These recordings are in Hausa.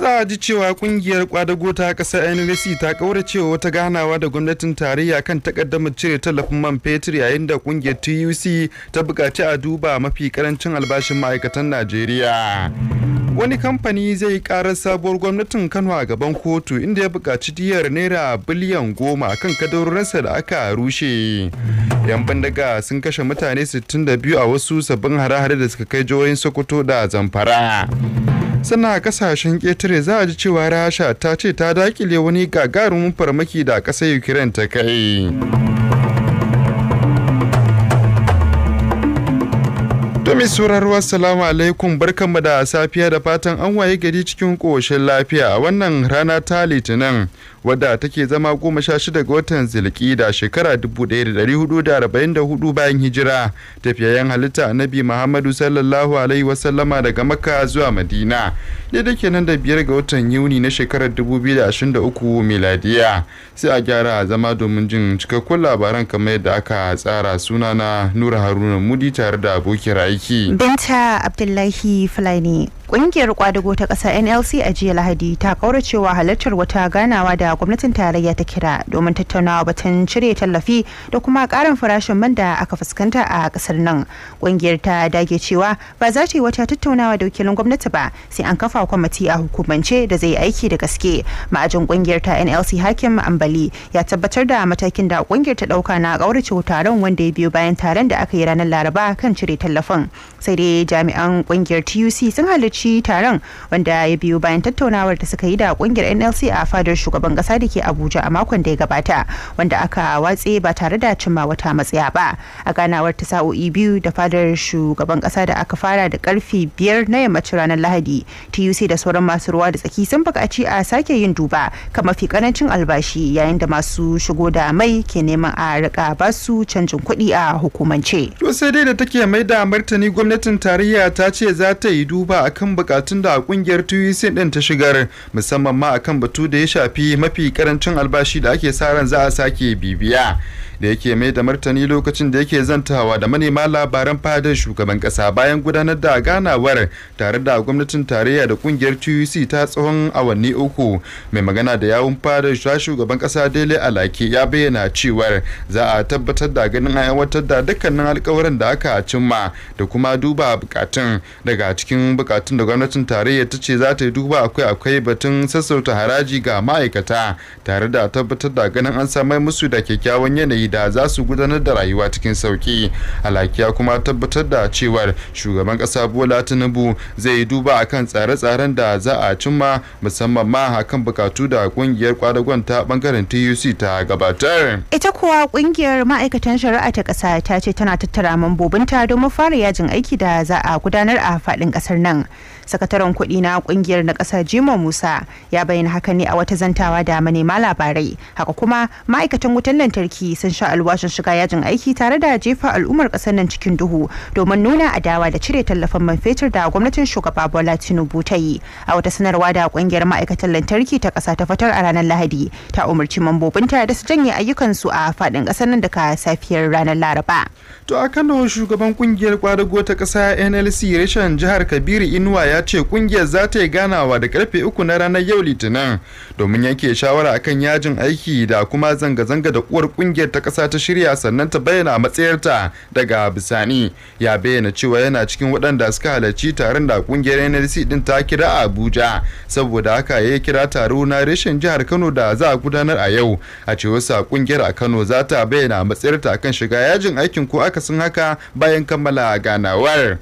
za a ji cewa kungiyar kwadago ta kasar nlc ta kauracewa wata ganawa da gwamnatin tarayya kan takaddamar cire tallafin man fetur yayin da kungiyar tuc ta bukaci a duba mafi karancin albashin ma'aikatan najeriya wani kamfani zai karar sabuwar gwamnatin kano a gaban kotu inda ya bukaci diyar naira biliyan goma kan kadarorinsa da aka rushe yan bandaga sun kashe mutane 62 a wasu sabbin hare-hare da suka kai jihohin sokoto da zamfara Sannan a kasashen ƙetare za a ji cewa Rasha ta ce ta dakile wani gagarumin farmaki da ƙasar Ukraine ta kai. Tumi sauraro salamu alaikum barkanmu da safiya da fatan an waye gari cikin koshin lafiya wannan rana ta litinin wadda take zama goma sha shida ga watan zilkida shekara 1444 bayan hijira tafiyayen halitta annabi muhammadu sallallahu alaihi wasallama daga makka zuwa madina da kenan da biyar ga watan yuni na shekarar 2023 miladiya sai a gyara zama domin jin cikakkun labaran kamar yadda aka tsara sunana nura haruna mudi tare da abokin aiki binta abdullahi fulani Ƙungiyar kwadago ta ƙasa NLC a jiya Lahadi ta kauracewa halartar wata ganawa da gwamnatin tarayya ta kira domin tattaunawa batun cire tallafi da kuma ƙarin farashin man da aka fuskanta a kasar nan. Ƙungiyar ta dage cewa ba za ta yi wata tattaunawa da wakilin gwamnati ba sai an kafa kwamiti a hukumance da zai aiki da gaske. Ma'ajin ƙungiyar ta NLC Hakim Ambali ya tabbatar da matakin da ƙungiyar ta ɗauka na kaurace taron wanda ya biyo bayan taron da aka yi ranar Laraba kan cire tallafin. Sai dai jami'an ƙungiyar TUC sun halarci halarci taron wanda ya biyo bayan tattaunawar da suka yi da kungiyar nlc a fadar shugaban kasa da ke abuja a makon da ya gabata wanda aka watse ba tare da cimma wata matsaya ba a ganawar ta sa'o'i biyu da fadar shugaban kasa da aka fara da karfe biyar na yammacin ranar lahadi tuc da sauran masu ruwa da tsaki sun buƙaci a sake yin duba kan mafi karancin albashi yayin da masu shigo da mai ke neman a rika basu canjin kuɗi a hukumance. to sai dai da take mai da martani gwamnatin tarayya ta ce za ta yi duba akan kan bukatun da kungiyar tuc din ta shigar musamman ma akan batu da ya shafi mafi karancin albashi da ake sa ran za a sake bibiya da yake mai da martani lokacin da yake zantawa da manema labaran fadar shugaban kasa bayan gudanar da ganawar tare da gwamnatin tarayya da kungiyar tuc ta tsawon awanni uku mai magana da yawun fadar shugaban kasa dele alake ya bayyana cewar za a tabbatar da ganin aiwatar da dukkanin alkawarin da aka cimma da kuma duba bukatun daga cikin bukatun da gwamnatin tarayya ta ce za ta yi duba akwai akwai batun sassauta haraji ga ma'aikata tare da tabbatar da ganin an samar musu da kyakkyawan yanayi da za su gudanar da rayuwa cikin sauki alakiya kuma tabbatar da cewar shugaban kasa bola tinubu zai duba akan tsare-tsaren da za a cimma musamman ma akan bukatu da kungiyar kwadagon ta bangaren tuc ta gabatar ita kuwa kungiyar ma'aikatan shari'a ta kasa ta ce tana tattara mambobinta domin fara yajin aiki da za a gudanar a faɗin ƙasar nan sakataren kuɗi na kungiyar na ƙasa jimo musa ya bayyana haka ne a wata zantawa da manema labarai haka kuma ma'aikatan wutan lantarki sun sha alwashin shiga yajin aiki tare da jefa al'ummar ƙasar nan cikin duhu domin nuna adawa da cire tallafin man fetur da gwamnatin shugaba bola tinubu ta yi a wata sanarwa da kungiyar ma'aikatan lantarki ta ƙasa ta fitar a ranar lahadi ta umarci mambobinta da su janye ayyukansu a faɗin ƙasar nan daga safiyar ranar laraba to a kano shugaban kungiyar kwadago ta ƙasa nlc reshen jihar kabiru inuwa ya ya ce kungiyar za ta yi ganawa da karfe uku na ranar yau litinin domin yanke shawara akan yajin aiki da kuma zanga-zanga da uwar kungiyar ta kasa ta shirya sannan ta bayyana matsayarta daga bisani ya bayyana cewa yana cikin waɗanda suka halarci taron da kungiyar nlc din ta kira a abuja saboda haka ya kira taro na reshen jihar kano da za a gudanar a yau a cewarsa kungiyar a kano za ta bayyana matsayarta akan shiga yajin aikin ko akasin haka bayan kammala ganawar.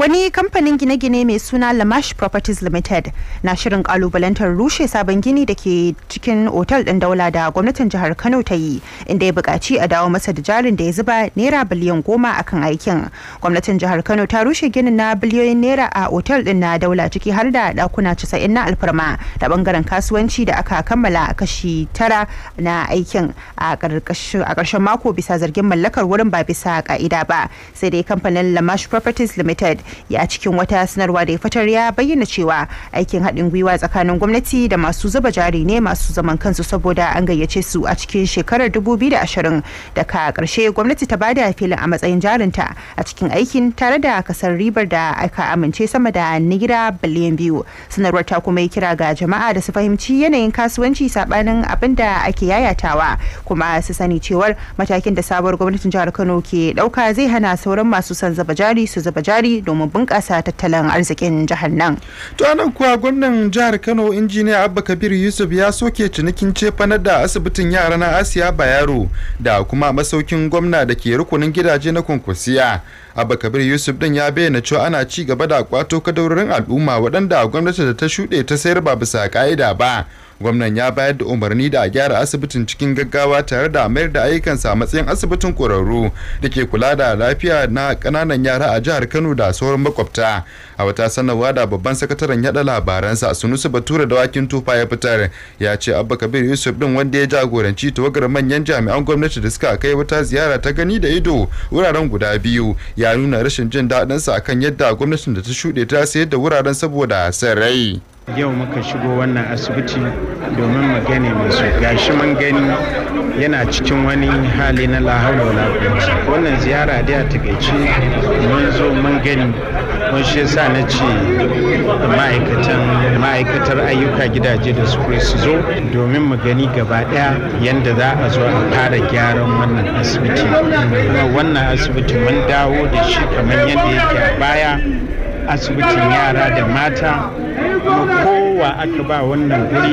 wani kamfanin gine-gine mai suna lamash properties limited na shirin kalubalantar rushe sabon gini da ke cikin otal ɗin daula da gwamnatin jihar kano ta yi inda ya buƙaci a dawo masa da jarin da ya zuba naira biliyan goma a kan aikin gwamnatin jihar kano ta rushe ginin na biliyoyin naira a otal ɗin na daula ciki har da ɗakuna casa'in na alfarma da bangaren kasuwanci da aka kammala kashi tara na aikin a ƙarshen mako bisa zargin mallakar wurin ba bisa ƙa'ida ba sai dai kamfanin lamash properties limited ya a cikin wata sanarwa da ya fitar ya bayyana cewa aikin haɗin gwiwa tsakanin gwamnati da masu zuba jari ne masu zaman kansu saboda an gayyace su a cikin shekarar dubu biyu da 2020 daga ƙarshe gwamnati ta bada filin a matsayin jarinta a cikin aikin tare da kasar ribar da aka amince sama da naira biliyan biyu sanarwar ta kuma yi kira ga jama'a da su fahimci yanayin kasuwanci saɓanin abin da ake yayatawa kuma su sani cewar matakin da sabuwar gwamnatin jihar kano ke ɗauka zai hana sauran masu son zaba jari su zuba jari domin mu bunƙasa tattalin arzikin jihar nan. To anan kuwa gwamnan jihar Kano injiniya Abba Kabir Yusuf ya soke cinikin cefanar da asibitin yara na Asiya Bayero da kuma masaukin gwamna da ke rukunin gidaje na kunkusiya. Abba Kabir Yusuf din ya bayyana cewa ana ci gaba da kwato kadarorin al'umma waɗanda gwamnati da ta shuɗe ta sayar ba bisa ƙa'ida ba. gwamnan ya bayar da umarni da a gyara asibitin cikin gaggawa tare da mayar da ayyukansa a matsayin asibitin ƙwararru da ke kula da lafiya na kananan yara a jihar kano da sauran makwabta a wata sanarwa da babban sakataren yada labaransa sunusu bature da wakin tufa ya fitar ya ce abba kabir yusuf din wanda ya jagoranci tawagar manyan jami'an gwamnati da suka kai wata ziyara ta gani da ido wuraren guda biyu ya nuna rashin jin daɗinsa akan yadda gwamnatin da ta shuɗe ta sayar da wuraren saboda sarai. rai yau muka shigo wannan asibiti domin mu gane masu gashi mun gani yana cikin wani hali na lahaula wannan ziyara da ya takaice mun zo mun gani mun shi sa na ce ma'aikatar ayyuka gidaje da su su zo domin mu gani gaba daya yadda za a zo a fara gyaran wannan asibiti kuma wannan asibiti mun dawo da shi kamar yadda yake a baya asibitin yara da mata kowa aka ba wannan guri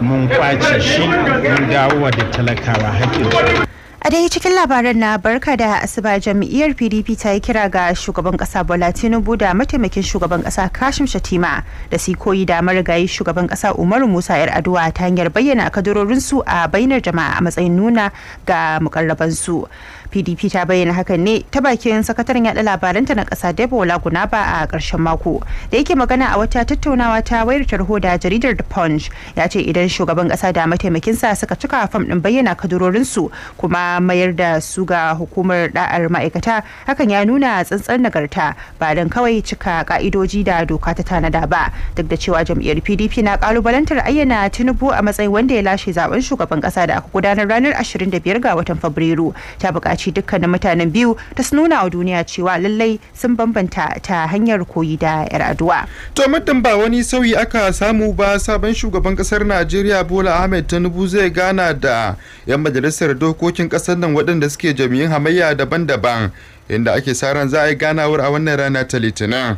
mun kwace shi mun dawo da talakawa haƙƙinsu a dai cikin labaran na barka da asuba jam'iyyar pdp ta yi kira ga shugaban kasa bola tinubu da mataimakin shugaban kasa kashim shatima da su koyi da marigayi shugaban kasa umaru musa yar aduwa ta hanyar bayyana kadurorinsu a bainar jama'a a matsayin nuna ga mukarrabansu pdp ta bayyana hakan ne ta bakin sakataren yada labaranta na kasa guna ba a karshen mako da yake magana a wata tattaunawa ta wayar tarho da jaridar the punch ya ce idan shugaban kasa da mataimakinsa suka cika fam din bayyana kadurorinsu kuma mayar da su ga hukumar da'ar ma'aikata hakan ya nuna tsantsan nagarta ba don kawai cika ka'idoji da doka ta tanada ba duk da cewa jam'iyyar pdp na kalubalantar ayyana tinubu a matsayin wanda ya lashe zaben shugaban kasa da aka gudanar ranar 25 ga watan fabrairu ta bukaci dukkanin mutanen biyu ta nuna wa duniya cewa lallai sun bambanta ta hanyar koyi da yar aduwa to muddin ba wani sauyi aka samu ba sabon shugaban kasar najeriya bola ahmed tinubu zai gana da yan majalisar dokokin kasar sannan nan waɗanda suke jami'in hamayya daban-daban inda ake sa ran za a yi ganawar a wannan rana ta litinin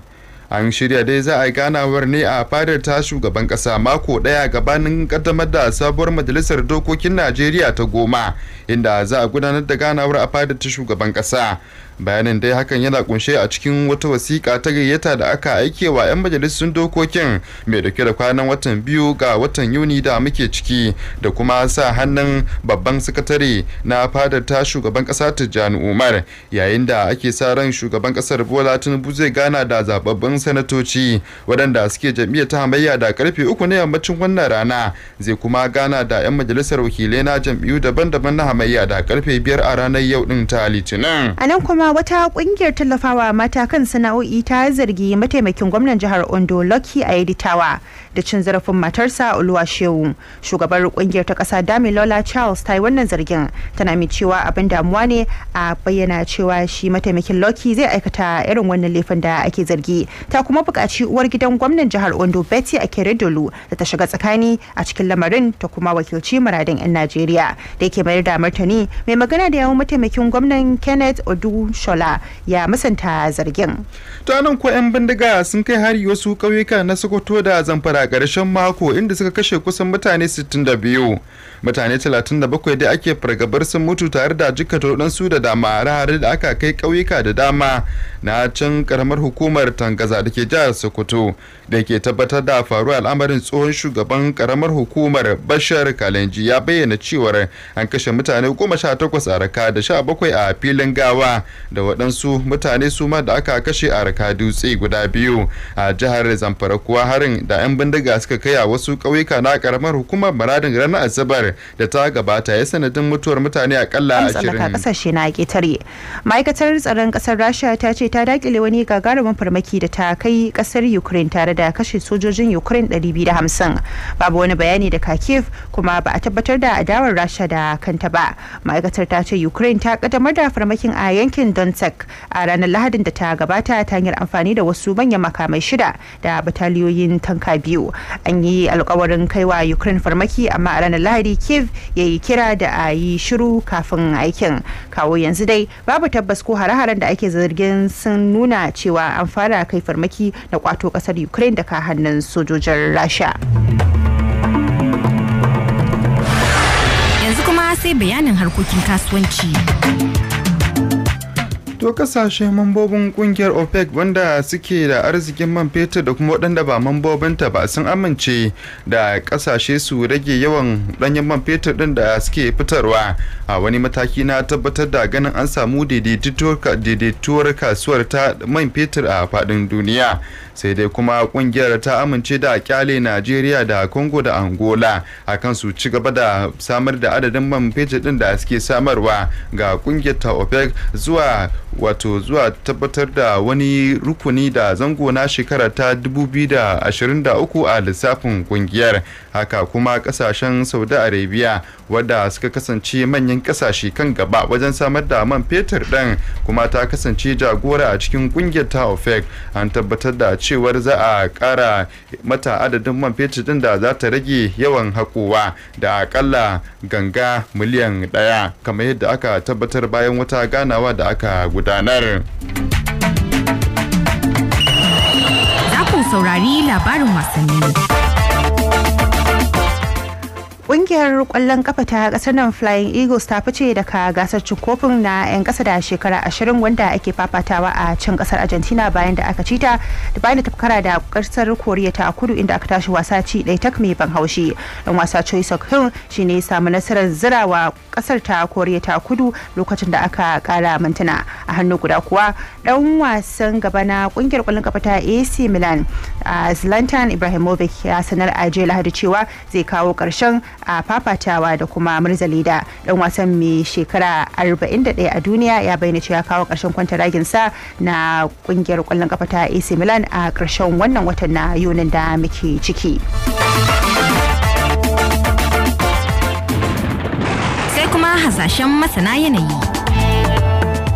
an shirya dai za a ganawar ne a fadar ta shugaban kasa mako daya gabanin kaddamar da sabuwar majalisar dokokin najeriya ta goma inda za a gudanar da ganawar a fadar ta shugaban kasa bayanin dai hakan yana kunshe a cikin wata wasiƙa ta gayyata da aka aike wa 'yan majalisun dokokin mai dauke da kwanan watan biyu ga watan yuni da muke ciki da kuma sa hannun babban sakatare na fadar ta shugaban kasa tijjani umar yayin da ake sa ran shugaban kasar bola tinubu zai gana da zababben sanatoci waɗanda suke jam'iyyar ta hamayya da karfe uku na yammacin wannan rana zai kuma gana da 'yan majalisar wakilai na jam'iyyu daban-daban na hamayya da karfe biyar a ranar yau din ta litinin. A nan kuma wata ƙungiyar tallafawa mata kan sana'o'i ta zargi mataimakin gwamnan jihar Ondo Lucky editawa da cin zarafin matarsa shehu Shugabar ƙungiyar ta ƙasa Damilola Charles ta yi wannan zargin tana mai cewa abin damuwa ne a bayyana cewa shi mataimakin Lucky zai aikata irin wannan laifin da ake zargi. ta kuma buƙaci uwar gidan gwamnan jihar Ondo Betty Akeredolu da ta shiga tsakani a cikin lamarin ta kuma wakilci muradin 'yan Najeriya da yake mayar da martani mai magana da yawun mataimakin gwamnan Kenneth Odu Shola ya musanta zargin. to anan ko 'yan bindiga sun kai hari wasu ƙauyuka na Sokoto da Zamfara ƙarshen mako inda suka kashe kusan mutane 62. Mutane 37 da ake fargabar sun mutu tare da jikkata waɗansu da dama hare da aka kai ƙauyuka da dama na can ƙaramar hukumar Tangaza Plaza da ke jihar Sokoto da ke tabbatar da faruwar al'amarin tsohon shugaban karamar hukumar Bashar Kalenji ya bayyana cewar an kashe mutane goma sha takwas a raka da sha bakwai a filin gawa da waɗansu mutane su ma da aka kashe a raka dutse guda biyu a jihar Zamfara kuwa harin da 'yan bindiga suka kai a wasu ƙauyuka na karamar hukumar Maradin ranar Asabar da ta gabata ya sanadin mutuwar mutane akalla ashirin. Ma'aikatar tsaron ƙasar Rasha ta ce ta dakile wani gagarumin farmaki da ta ta kai kasar ukraine tare da kashe sojojin ukraine 250 babu wani bayani daga kiev kuma ba a tabbatar da adawar rasha da kanta ba ma'aikatar ta ce ukraine ta kaddamar da farmakin a yankin donetsk a ranar lahadin da ta gabata ta hanyar amfani da wasu manyan makamai shida da bataliyoyin tanka biyu an yi alkawarin kaiwa ukraine farmaki amma a ranar lahadi kiev ya yi kira da a yi shiru kafin aikin kawo yanzu dai babu tabbas ko hare-haren da ake zargin sun nuna cewa an fara kai farmaki farmaki na kwato kasar ukraine ka hannun sojojin rasha yanzu kuma sai bayanin harkokin kasuwanci To kasashen mambobin kungiyar OPEC wanda suke da arzikin man fetur da kuma waɗanda ba mambobinta ba sun amince da kasashe su rage yawan ɗanyen man fetur ɗin da suke fitarwa a wani mataki na tabbatar da ganin an samu daidaituwar kasuwar ta man fetur a faɗin duniya. sai dai kuma kungiyar ta amince da kyale najeriya da congo da angola akan su ci gaba da samar da adadin man fetur din da suke samarwa ga kungiyar ta opec zuwa wato zuwa tabbatar da wani rukuni da zango na shekara ta 2023 a lissafin kungiyar haka kuma kasashen saudi arabia wadda suka kasance manyan kasashe kan gaba wajen samar da man fetur din kuma ta kasance jagora a cikin kungiyar ta opec an tabbatar da cewar za a kara mata adadin man fetur din da za ta rage yawan haƙowa da akalla ganga miliyan ɗaya kamar yadda aka tabbatar bayan wata ganawa da aka gudanar. saurari labarin wasanni. Ƙungiyar kwallon kafa ta ƙasar nan Flying Eagles ta fice daga gasar cin kofin na 'yan kasa da shekara ashirin wanda ake fafatawa a can kasar Argentina bayan da aka ci ta da bayan da tafkara da ƙasar Koriya ta kudu inda aka tashi wasa ci ɗaya tak mai ban haushi. Dan wasa Choi Sok Hyun shi ne samu nasarar zirawa ƙasar ta Koriya ta kudu lokacin da aka ƙara mintuna. A hannu guda kuwa ɗan wasan gaba na ƙungiyar kwallon kafa ta AC Milan Zlatan Ibrahimovic ya sanar a jiya Lahadi cewa zai kawo ƙarshen a fafatawa da kuma murzalida dan wasan mai shekara 41 a duniya ya bayyana cewa kawo karshen ragin sa na kungiyar kwallon kafa ta AC Milan a karshen wannan watan na Yunin da muke ciki. Sai kuma hasashen masana yanayi.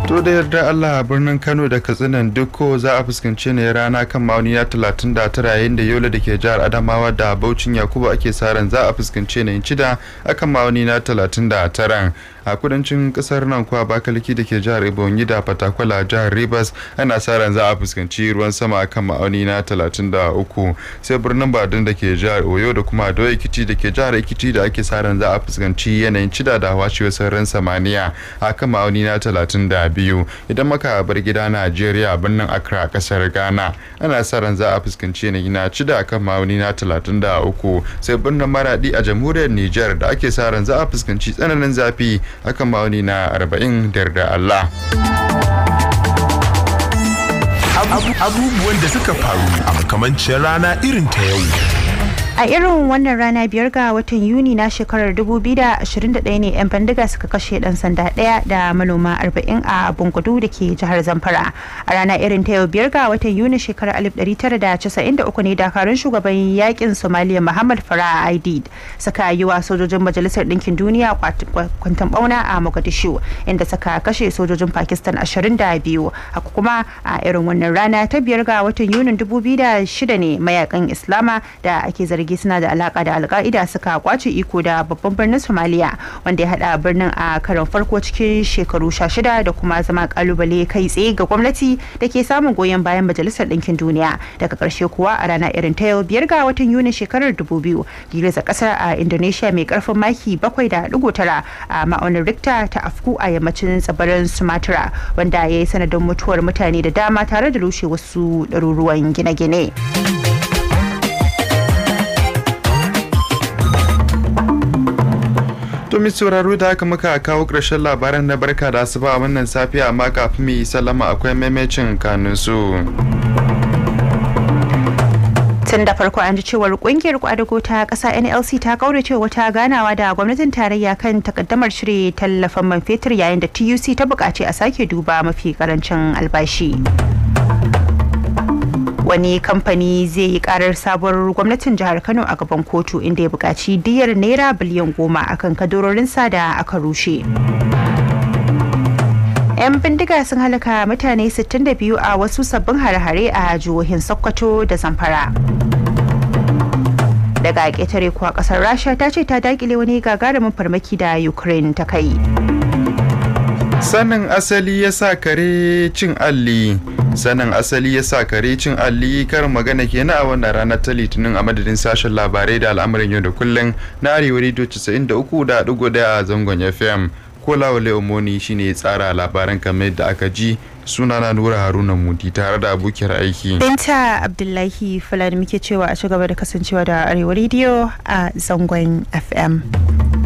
to da yarda allah birnin kano da katsinan dukko za a fuskanci ne rana kan ma'auniya 39 yayin da yola da ke jihar adamawa da baucin yakubu ake sa za a fuskanci ne cida akan ma'auni na 39 a kudancin kasar nan kuwa bakaliki da ke jihar ebonyi da fatakwala jihar rivers ana sa ran za a fuskanci ruwan sama akan ma'auni na 33 sai birnin badin da ke jihar oyo da kuma doyi ekiti da ke jihar ikiti da ake sa ran za a fuskanci yanayin cida da washewar sararin samaniya akan ma'auni na 32 idan maka bar gida najeriya birnin accra kasar ghana ana sa ran za a fuskanci yanayi na cida akan ma'auni na 33 sai birnin maradi a jamhuriyar niger da ake sa ran za a fuskanci tsananin zafi akan ma'auni na arba'in da yarda Allah. Abubuwan da suka faru a makamancin rana irin ta yau. a irin wannan rana biyar ga watan yuni na shekarar 2021 ne 'yan bandiga suka kashe dan sanda ɗaya da manoma 40 a bunkudu da ke jihar zamfara a rana irin ta yau biyar ga watan yuni shekarar 1993 ne dakarun shugaban yakin somalia muhammad farah aidid suka yi wa sojojin majalisar dinkin duniya kwantan bauna a mogadishu inda suka kashe sojojin pakistan 22 haka kuma a irin wannan rana ta biyar ga watan Yuni 2006 ne mayakan islama da ake zargi zargi suna da alaka da alka'ida suka kwace iko da babban birnin somalia wanda ya hada birnin a karon farko cikin shekaru shida da kuma zama kalubale kai tsaye ga gwamnati da ke samun goyon bayan majalisar ɗinkin duniya daga karshe kuwa a rana irin ta yau biyar ga watan yuni shekarar biyu girgiza ƙasar a indonesia mai karfin maki bakwai da tara a ma'aunin rikta ta afku a yammacin tsibirin sumatra wanda ya yi sanadin mutuwar mutane da dama tare da rushe wasu ɗaruruwan gine-gine. To mi sauraro da haka muka kawo ƙarshen labaran na barka da asuba a wannan safiya amma kafin mu yi sallama akwai maimacin kanunsu. tun da farko an ji cewar kungiyar kwadago ta ƙasa nlc ta cewa wata ganawa da gwamnatin tarayya kan takaddamar shirye tallafin man fetur yayin da tuc ta bukaci a sake duba mafi karancin albashi. wani kamfani zai yi karar sabuwar gwamnatin jihar kano a gaban kotu inda ya buƙaci diyar naira biliyan goma akan kadurorinsa da aka rushe 'yan bindiga sun halaka mutane 62 a wasu sabbin hare-hare a jihohin sokoto da zamfara daga ƙetare kuwa ƙasar rasha ta ce ta dakile wani gagarumin farmaki da ukraine ta kai sanin asali ya sa kare cin alli sanin asali ya sa kare cin alli karin magana na a wannan ranar ta litinin a madadin sashen labarai da al'amuran yau da kullum na arewa radio 93 da uku da zangon fm ko lawale omoni shine tsara labaran kamar yadda aka ji suna na nura haruna mudi tare da abokiyar aiki binta abdullahi fulani muke cewa a ci gaba da kasancewa da arewa radio a zangon fm